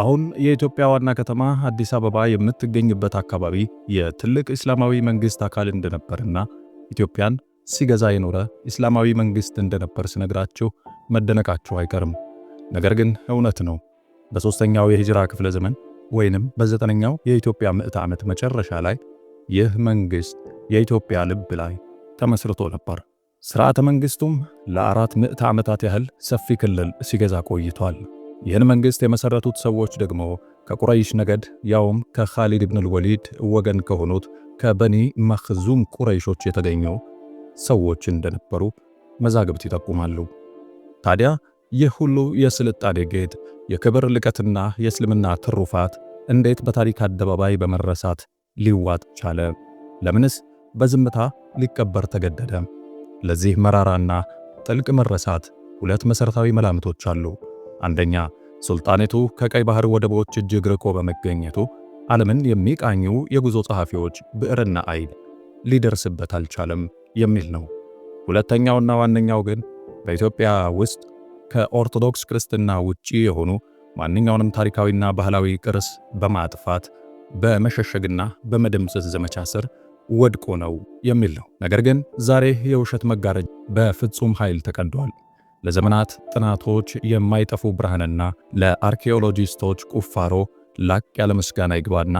አሁን የኢትዮጵያ ዋና ከተማ አዲስ አበባ የምትገኝበት አካባቢ የትልቅ እስላማዊ መንግስት አካል እንደነበርና ኢትዮጵያን ሲገዛ የኖረ እስላማዊ መንግስት እንደነበር ስነግራችሁ መደነቃችሁ አይቀርም። ነገር ግን እውነት ነው። በሦስተኛው የሂጅራ ክፍለ ዘመን ወይንም በዘጠነኛው የኢትዮጵያ ምዕተ ዓመት መጨረሻ ላይ ይህ መንግስት የኢትዮጵያ ልብ ላይ ተመስርቶ ነበር። ስርዓተ መንግስቱም ለአራት ምዕተ ዓመታት ያህል ሰፊ ክልል ሲገዛ ቆይቷል። ይህን መንግሥት የመሠረቱት ሰዎች ደግሞ ከቁረይሽ ነገድ ያውም ከኻሊድ ብን ልወሊድ ወገን ከሆኑት ከበኒ መኽዙም ቁረይሾች የተገኙ ሰዎች እንደነበሩ መዛግብት ይጠቁማሉ። ታዲያ ይህ ሁሉ የስልጣኔ ጌጥ፣ የክብር ልቀትና የእስልምና ትሩፋት እንዴት በታሪክ አደባባይ በመረሳት ሊዋጥ ቻለ? ለምንስ በዝምታ ሊቀበር ተገደደ? ለዚህ መራራና ጥልቅ መረሳት ሁለት መሠረታዊ መላምቶች አሉ። አንደኛ ሱልጣኔቱ ከቀይ ባህር ወደቦች እጅግ ርቆ በመገኘቱ ዓለምን የሚቃኙ የጉዞ ጸሐፊዎች ብዕርና አይን ሊደርስበት አልቻለም የሚል ነው። ሁለተኛውና ዋነኛው ግን በኢትዮጵያ ውስጥ ከኦርቶዶክስ ክርስትና ውጪ የሆኑ ማንኛውንም ታሪካዊና ባህላዊ ቅርስ በማጥፋት በመሸሸግና በመደምሰስ ዘመቻ ስር ወድቆ ነው የሚል ነው። ነገር ግን ዛሬ የውሸት መጋረጃ በፍጹም ኃይል ተቀዷል። ለዘመናት ጥናቶች የማይጠፉ ብርሃንና ለአርኪኦሎጂስቶች ቁፋሮ ላቅ ያለ ምስጋና ይግባና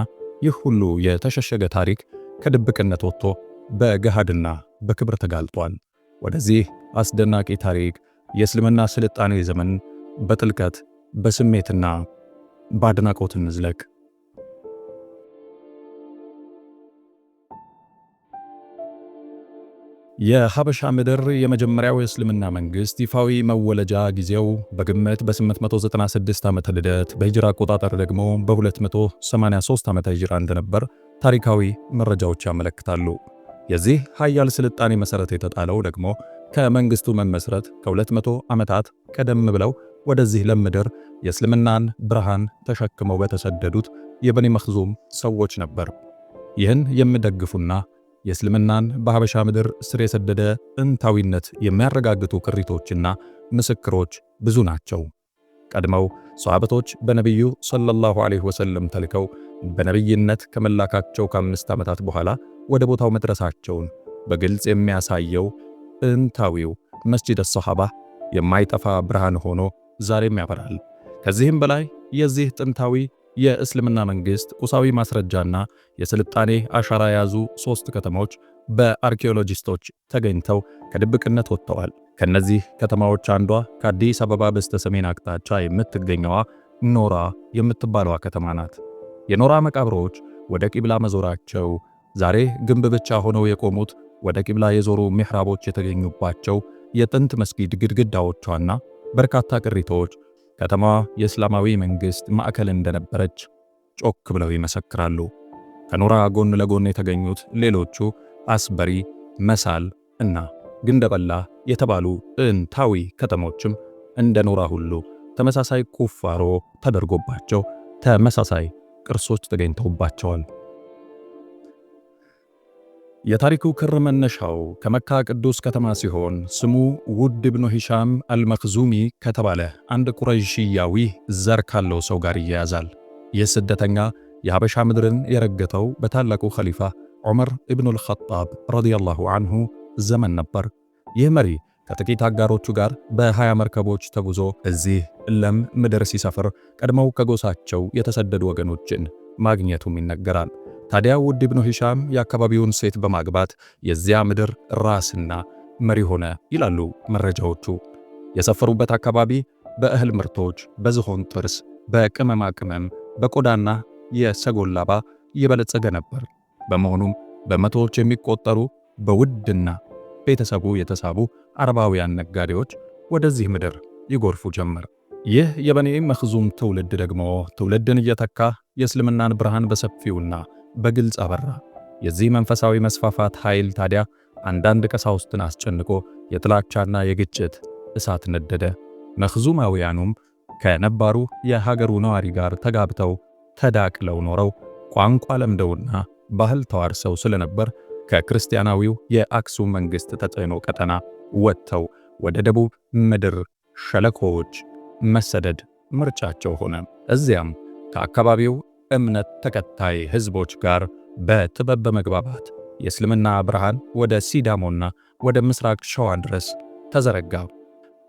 ይህ ሁሉ የተሸሸገ ታሪክ ከድብቅነት ወጥቶ በገሃድና በክብር ተጋልጧል። ወደዚህ አስደናቂ ታሪክ የእስልምና ስልጣኔ ዘመን በጥልቀት በስሜትና በአድናቆት እንዝለቅ። የሐበሻ ምድር የመጀመሪያው የእስልምና መንግሥት ይፋዊ መወለጃ ጊዜው በግምት በ896 ዓመተ ልደት በሂጅራ አቆጣጠር ደግሞ በ283 ዓመተ ሂጅራ እንደነበር ታሪካዊ መረጃዎች ያመለክታሉ። የዚህ ኃያል ስልጣኔ መሠረት የተጣለው ደግሞ ከመንግሥቱ መመስረት ከ200 ዓመታት ቀደም ብለው ወደዚህ ለምድር የእስልምናን ብርሃን ተሸክመው በተሰደዱት የበኒ መኽዙም ሰዎች ነበር። ይህን የሚደግፉና የእስልምናን በሀበሻ ምድር ስር የሰደደ ጥንታዊነት የሚያረጋግጡ ክሪቶችና ምስክሮች ብዙ ናቸው። ቀድመው ሰሃበቶች በነቢዩ ሰለላሁ ዐለይሂ ወሰለም ተልከው በነቢይነት ከመላካቸው ከአምስት ዓመታት በኋላ ወደ ቦታው መድረሳቸውን በግልጽ የሚያሳየው ጥንታዊው መስጂድ ሰሃባ የማይጠፋ ብርሃን ሆኖ ዛሬም ያበራል። ከዚህም በላይ የዚህ ጥንታዊ የእስልምና መንግስት ቁሳዊ ማስረጃና የስልጣኔ አሻራ የያዙ ሶስት ከተማዎች በአርኪኦሎጂስቶች ተገኝተው ከድብቅነት ወጥተዋል። ከነዚህ ከተማዎች አንዷ ከአዲስ አበባ በስተ ሰሜን አቅጣጫ የምትገኘዋ ኖራ የምትባለዋ ከተማ ናት። የኖራ መቃብሮች ወደ ቂብላ መዞራቸው ዛሬ ግንብ ብቻ ሆነው የቆሙት ወደ ቂብላ የዞሩ ምሕራቦች የተገኙባቸው የጥንት መስጊድ ግድግዳዎቿና በርካታ ቅሪቶች ከተማዋ የእስላማዊ መንግሥት ማዕከል እንደነበረች ጮክ ብለው ይመሰክራሉ። ከኑራ ጎን ለጎን የተገኙት ሌሎቹ አስበሪ፣ መሳል እና ግንደበላ የተባሉ ጥንታዊ ከተሞችም እንደ ኑራ ሁሉ ተመሳሳይ ቁፋሮ ተደርጎባቸው ተመሳሳይ ቅርሶች ተገኝተውባቸዋል። የታሪኩ ክር መነሻው ከመካ ቅዱስ ከተማ ሲሆን ስሙ ውድ ብኑ ሂሻም አልመክዙሚ ከተባለ አንድ ቁረይሽያዊ ዘር ካለው ሰው ጋር ይያያዛል። ይህ ስደተኛ የሐበሻ ምድርን የረገተው በታላቁ ኸሊፋ ዑመር ኢብኑል ኸጣብ ረዲየላሁ አንሁ ዘመን ነበር። ይህ መሪ ከጥቂት አጋሮቹ ጋር በሀያ መርከቦች ተጉዞ እዚህ ለም ምድር ሲሰፍር ቀድመው ከጎሳቸው የተሰደዱ ወገኖችን ማግኘቱም ይነገራል። ታዲያ ውድ ኢብኑ ሂሻም የአካባቢውን ሴት በማግባት የዚያ ምድር ራስና መሪ ሆነ ይላሉ መረጃዎቹ። የሰፈሩበት አካባቢ በእህል ምርቶች፣ በዝሆን ጥርስ፣ በቅመማ ቅመም፣ በቆዳና የሰጎን ላባ የበለጸገ ነበር። በመሆኑም በመቶዎች የሚቆጠሩ በውድና ቤተሰቡ የተሳቡ አረባውያን ነጋዴዎች ወደዚህ ምድር ይጎርፉ ጀመር። ይህ የበኔ መኽዙም ትውልድ ደግሞ ትውልድን እየተካ የእስልምናን ብርሃን በሰፊውና በግልጽ አበራ። የዚህ መንፈሳዊ መስፋፋት ኃይል ታዲያ አንዳንድ ቀሳውስትን አስጨንቆ የጥላቻና የግጭት እሳት ነደደ። መኽዙማውያኑም ከነባሩ የሀገሩ ነዋሪ ጋር ተጋብተው ተዳቅለው ኖረው ቋንቋ ለምደውና ባህል ተዋርሰው ስለነበር ከክርስቲያናዊው የአክሱም መንግሥት ተጽዕኖ ቀጠና ወጥተው ወደ ደቡብ ምድር ሸለኮዎች መሰደድ ምርጫቸው ሆነ። እዚያም ከአካባቢው እምነት ተከታይ ህዝቦች ጋር በጥበብ በመግባባት የእስልምና ብርሃን ወደ ሲዳሞና ወደ ምስራቅ ሸዋ ድረስ ተዘረጋ።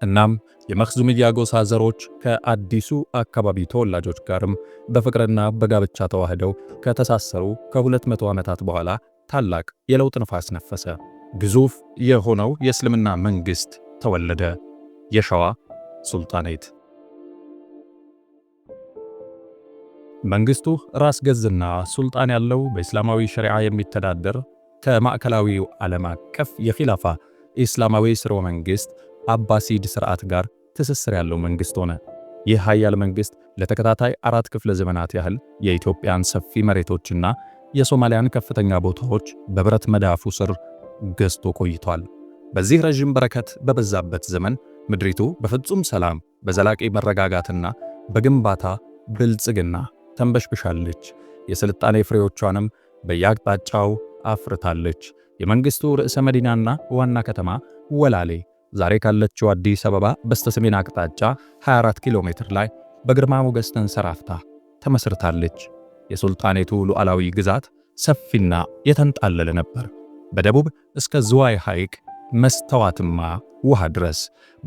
እናም የመኽዙምያ ጎሳ ዘሮች ከአዲሱ አካባቢ ተወላጆች ጋርም በፍቅርና በጋብቻ ተዋህደው ከተሳሰሩ ከ200 ዓመታት በኋላ ታላቅ የለውጥ ነፋስ ነፈሰ። ግዙፍ የሆነው የእስልምና መንግሥት ተወለደ፣ የሸዋ ሱልጣኔት መንግስቱ ራስ ገዝና ሱልጣን ያለው በእስላማዊ ሸሪዓ የሚተዳደር ከማዕከላዊው ዓለም አቀፍ የኺላፋ እስላማዊ ስርወ መንግስት አባሲድ ስርዓት ጋር ትስስር ያለው መንግስት ሆነ። ይህ ኃያል መንግስት ለተከታታይ አራት ክፍለ ዘመናት ያህል የኢትዮጵያን ሰፊ መሬቶችና የሶማሊያን ከፍተኛ ቦታዎች በብረት መዳፉ ስር ገዝቶ ቆይቷል። በዚህ ረዥም በረከት በበዛበት ዘመን ምድሪቱ በፍጹም ሰላም፣ በዘላቂ መረጋጋትና በግንባታ ብልጽግና ተንበሽብሻለች። የሥልጣኔ ፍሬዎቿንም በየአቅጣጫው አፍርታለች። የመንግሥቱ ርዕሰ መዲናና ዋና ከተማ ወላሌ ዛሬ ካለችው አዲስ አበባ በስተሰሜን አቅጣጫ 24 ኪሎ ሜትር ላይ በግርማ ሞገስ ተንሰራፍታ ተመስርታለች። የሱልጣኔቱ ሉዓላዊ ግዛት ሰፊና የተንጣለለ ነበር። በደቡብ እስከ ዝዋይ ሐይቅ መስተዋትማ ውሃ ድረስ፣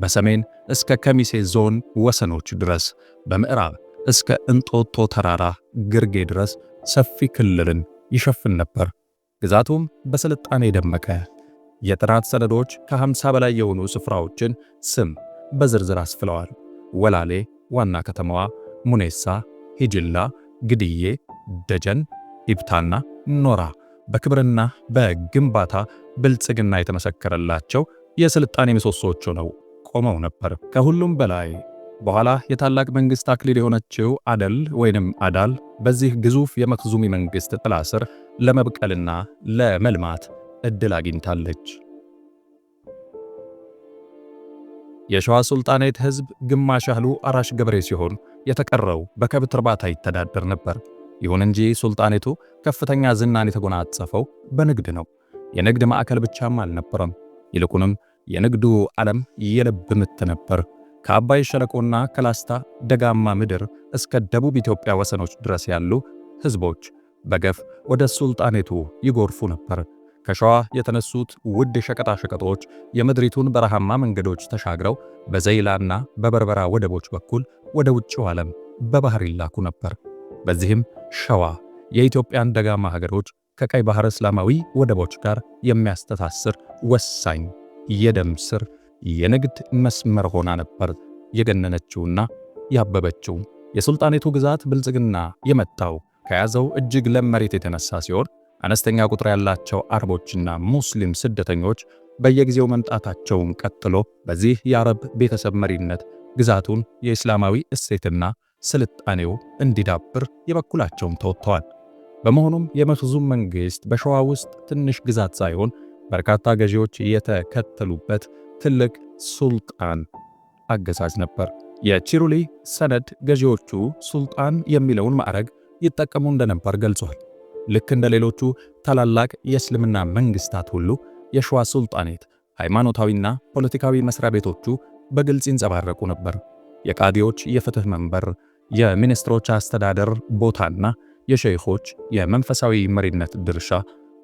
በሰሜን እስከ ከሚሴ ዞን ወሰኖች ድረስ፣ በምዕራብ እስከ እንጦጦ ተራራ ግርጌ ድረስ ሰፊ ክልልን ይሸፍን ነበር። ግዛቱም በስልጣኔ የደመቀ የጥናት ሰነዶች ከ50 በላይ የሆኑ ስፍራዎችን ስም በዝርዝር አስፍለዋል። ወላሌ ዋና ከተማዋ፣ ሙኔሳ፣ ሂጅላ፣ ግድዬ፣ ደጀን፣ ኢብታና ኖራ በክብርና በግንባታ ብልጽግና የተመሰከረላቸው የስልጣኔ ምሰሶዎች ሆነው ቆመው ነበር። ከሁሉም በላይ በኋላ የታላቅ መንግሥት አክሊል የሆነችው አደል ወይንም አዳል በዚህ ግዙፍ የመክዙሚ መንግሥት ጥላ ስር ለመብቀልና ለመልማት ዕድል አግኝታለች። የሸዋ ሱልጣኔት ሕዝብ ግማሽ ያህሉ አራሽ ገበሬ ሲሆን የተቀረው በከብት እርባታ ይተዳደር ነበር። ይሁን እንጂ ሱልጣኔቱ ከፍተኛ ዝናን የተጎናጸፈው በንግድ ነው። የንግድ ማዕከል ብቻም አልነበረም። ይልቁንም የንግዱ ዓለም የልብ ምት ነበር። ከአባይ ሸለቆና ከላስታ ደጋማ ምድር እስከ ደቡብ ኢትዮጵያ ወሰኖች ድረስ ያሉ ሕዝቦች በገፍ ወደ ሱልጣኔቱ ይጎርፉ ነበር። ከሸዋ የተነሱት ውድ ሸቀጣሸቀጦች የምድሪቱን በረሃማ መንገዶች ተሻግረው በዘይላና በበርበራ ወደቦች በኩል ወደ ውጭው ዓለም በባህር ይላኩ ነበር። በዚህም ሸዋ የኢትዮጵያን ደጋማ ሀገሮች ከቀይ ባህር እስላማዊ ወደቦች ጋር የሚያስተሳስር ወሳኝ የደም ስር የንግድ መስመር ሆና ነበር የገነነችውና ያበበችው። የሱልጣኔቱ ግዛት ብልጽግና የመጣው ከያዘው እጅግ ለም መሬት የተነሳ ሲሆን አነስተኛ ቁጥር ያላቸው አረቦችና ሙስሊም ስደተኞች በየጊዜው መምጣታቸውን ቀጥሎ በዚህ የአረብ ቤተሰብ መሪነት ግዛቱን የእስላማዊ እሴትና ስልጣኔው እንዲዳብር የበኩላቸውን ተወጥተዋል። በመሆኑም የመክዙም መንግሥት በሸዋ ውስጥ ትንሽ ግዛት ሳይሆን በርካታ ገዢዎች የተከተሉበት ትልቅ ሱልጣን አገዛዝ ነበር። የቺሩሊ ሰነድ ገዢዎቹ ሱልጣን የሚለውን ማዕረግ ይጠቀሙ እንደነበር ገልጿል። ልክ እንደ ሌሎቹ ታላላቅ የእስልምና መንግስታት ሁሉ የሸዋ ሱልጣኔት ሃይማኖታዊና ፖለቲካዊ መስሪያ ቤቶቹ በግልጽ ይንጸባረቁ ነበር። የቃዲዎች የፍትህ መንበር፣ የሚኒስትሮች አስተዳደር ቦታና የሸይኾች የመንፈሳዊ መሪነት ድርሻ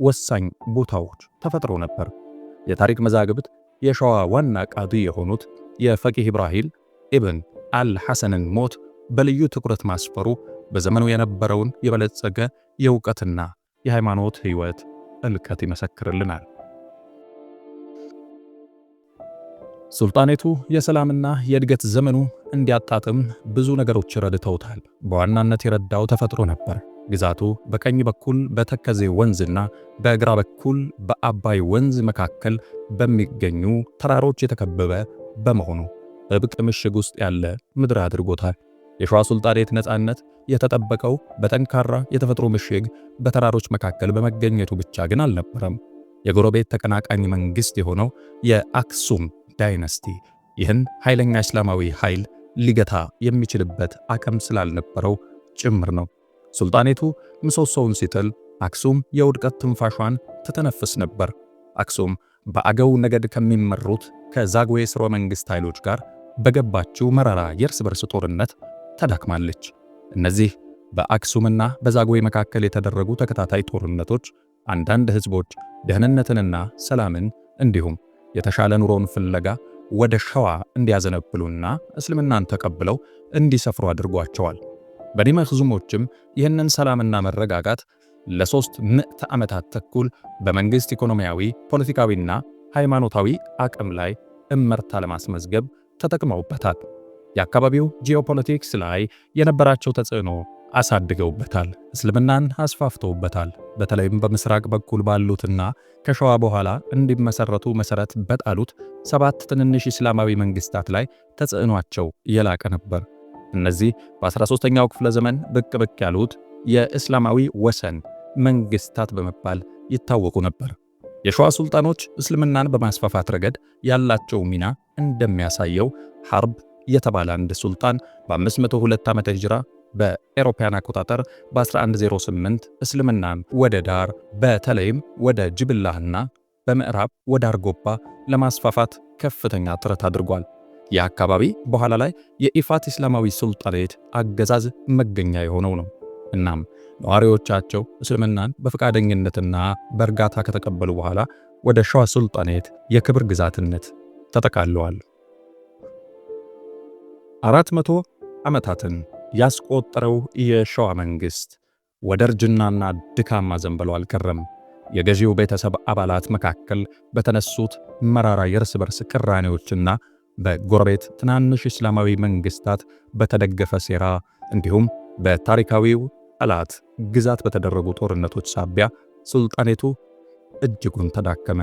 ወሳኝ ቦታዎች ተፈጥሮ ነበር። የታሪክ መዛግብት የሸዋ ዋና ቃዲ የሆኑት የፈቂህ ኢብራሂም ኢብን አልሐሰንን ሞት በልዩ ትኩረት ማስፈሩ በዘመኑ የነበረውን የበለጸገ የእውቀትና የሃይማኖት ሕይወት እልከት ይመሰክርልናል። ሱልጣኔቱ የሰላምና የእድገት ዘመኑ እንዲያጣጥም ብዙ ነገሮች ረድተውታል። በዋናነት የረዳው ተፈጥሮ ነበር። ግዛቱ በቀኝ በኩል በተከዜ ወንዝና በግራ በኩል በአባይ ወንዝ መካከል በሚገኙ ተራሮች የተከበበ በመሆኑ ጥብቅ ምሽግ ውስጥ ያለ ምድር አድርጎታል። የሸዋ ሱልጣኔት ነፃነት የተጠበቀው በጠንካራ የተፈጥሮ ምሽግ በተራሮች መካከል በመገኘቱ ብቻ ግን አልነበረም። የጎረቤት ተቀናቃኝ መንግሥት የሆነው የአክሱም ዳይነስቲ ይህን ኃይለኛ እስላማዊ ኃይል ሊገታ የሚችልበት አቅም ስላልነበረው ጭምር ነው። ሱልጣኔቱ ምሰሶውን ሲጥል አክሱም የውድቀት ትንፋሿን ትተነፍስ ነበር። አክሱም በአገው ነገድ ከሚመሩት ከዛግዌ ስሮ መንግሥት ኃይሎች ጋር በገባችው መራራ የእርስ በርስ ጦርነት ተዳክማለች። እነዚህ በአክሱምና በዛግዌ መካከል የተደረጉ ተከታታይ ጦርነቶች አንዳንድ ሕዝቦች ደህንነትንና ሰላምን እንዲሁም የተሻለ ኑሮን ፍለጋ ወደ ሸዋ እንዲያዘነብሉና እስልምናን ተቀብለው እንዲሰፍሩ አድርጓቸዋል። በዲመ ይህንን ሰላምና መረጋጋት ለሶስት ምዕተ ዓመታት ተኩል በመንግሥት ኢኮኖሚያዊ፣ ፖለቲካዊና ሃይማኖታዊ አቅም ላይ እመርታ ለማስመዝገብ ተጠቅመውበታል። የአካባቢው ጂኦፖለቲክስ ላይ የነበራቸው ተጽዕኖ አሳድገውበታል። እስልምናን አስፋፍተውበታል። በተለይም በምስራቅ በኩል ባሉትና ከሸዋ በኋላ እንዲመሰረቱ መሰረት በጣሉት ሰባት ትንንሽ እስላማዊ መንግስታት ላይ ተጽዕኗቸው የላቀ ነበር። እነዚህ በ13ኛው ክፍለ ዘመን ብቅ ብቅ ያሉት የእስላማዊ ወሰን መንግስታት በመባል ይታወቁ ነበር። የሸዋ ሱልጣኖች እስልምናን በማስፋፋት ረገድ ያላቸው ሚና እንደሚያሳየው ሐርብ የተባለ አንድ ሱልጣን በ502 ዓመተ ሂጅራ በኤሮፓያን አቆጣጠር በ1108 እስልምናን ወደ ዳር በተለይም ወደ ጅብላህና በምዕራብ ወደ አርጎባ ለማስፋፋት ከፍተኛ ጥረት አድርጓል። ይህ አካባቢ በኋላ ላይ የኢፋት እስላማዊ ሱልጣኔት አገዛዝ መገኛ የሆነው ነው። እናም ነዋሪዎቻቸው እስልምናን በፈቃደኝነትና በእርጋታ ከተቀበሉ በኋላ ወደ ሸዋ ሱልጣኔት የክብር ግዛትነት ተጠቃለዋል። አራት መቶ ዓመታትን ያስቆጠረው የሸዋ መንግሥት ወደ እርጅናና ድካም ማዘንበሉ አልቀረም። የገዢው ቤተሰብ አባላት መካከል በተነሱት መራራ የእርስ በርስ ቅራኔዎችና በጎረቤት ትናንሽ እስላማዊ መንግስታት በተደገፈ ሴራ እንዲሁም በታሪካዊው ጠላት ግዛት በተደረጉ ጦርነቶች ሳቢያ ሱልጣኔቱ እጅጉን ተዳከመ።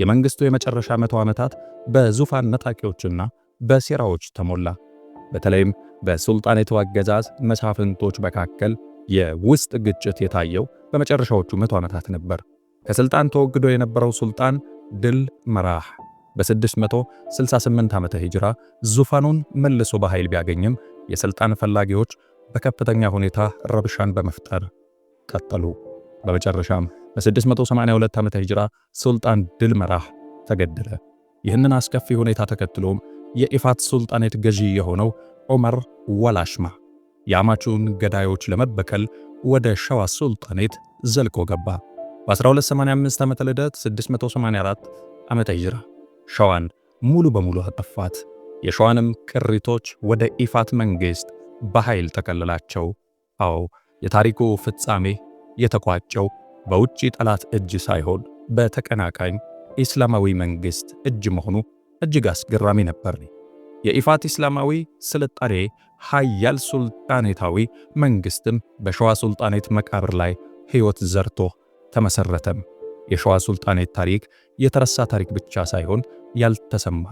የመንግስቱ የመጨረሻ መቶ ዓመታት በዙፋን ነጣቂዎችና በሴራዎች ተሞላ። በተለይም በሱልጣኔቱ አገዛዝ መሳፍንቶች መካከል የውስጥ ግጭት የታየው በመጨረሻዎቹ መቶ ዓመታት ነበር። ከስልጣን ተወግዶ የነበረው ሱልጣን ድል መራህ በ668 ዓመተ ሂጅራ ዙፋኑን መልሶ በኃይል ቢያገኝም የሥልጣን ፈላጊዎች በከፍተኛ ሁኔታ ረብሻን በመፍጠር ቀጠሉ። በመጨረሻም በ682 ዓመተ ሂጅራ ሱልጣን ድል መራህ ተገደለ። ይህንን አስከፊ ሁኔታ ተከትሎም የኢፋት ሱልጣኔት ገዢ የሆነው ዑመር ወላሽማ የአማቹን ገዳዮች ለመበከል ወደ ሸዋ ሱልጣኔት ዘልቆ ገባ። በ1285 ዓመተ ልደት 684 ዓመተ ሂጅራ ሸዋን ሙሉ በሙሉ አጠፋት። የሸዋንም ቅሪቶች ወደ ኢፋት መንግሥት በኃይል ተቀልላቸው አዎ የታሪኩ ፍጻሜ የተቋጨው በውጭ ጠላት እጅ ሳይሆን በተቀናቃኝ ኢስላማዊ መንግሥት እጅ መሆኑ እጅግ አስገራሚ ነበር። የኢፋት ኢስላማዊ ስልጣኔ ኃያል ሱልጣኔታዊ መንግሥትም በሸዋ ሱልጣኔት መቃብር ላይ ሕይወት ዘርቶ ተመሠረተም። የሸዋ ሱልጣኔት ታሪክ የተረሳ ታሪክ ብቻ ሳይሆን ያልተሰማ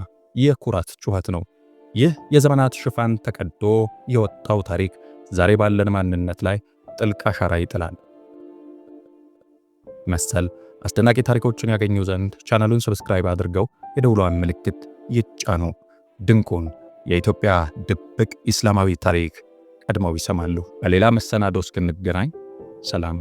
የኩራት ጩኸት ነው። ይህ የዘመናት ሽፋን ተቀዶ የወጣው ታሪክ ዛሬ ባለን ማንነት ላይ ጥልቅ አሻራ ይጥላል። መሰል አስደናቂ ታሪኮችን ያገኙ ዘንድ ቻናሉን ሰብስክራይብ አድርገው የደውሏን ምልክት ይጫኑ። ድንቁን የኢትዮጵያ ድብቅ ኢስላማዊ ታሪክ ቀድመው ይሰማሉ። በሌላ መሰናዶ እስክንገናኝ ሰላም።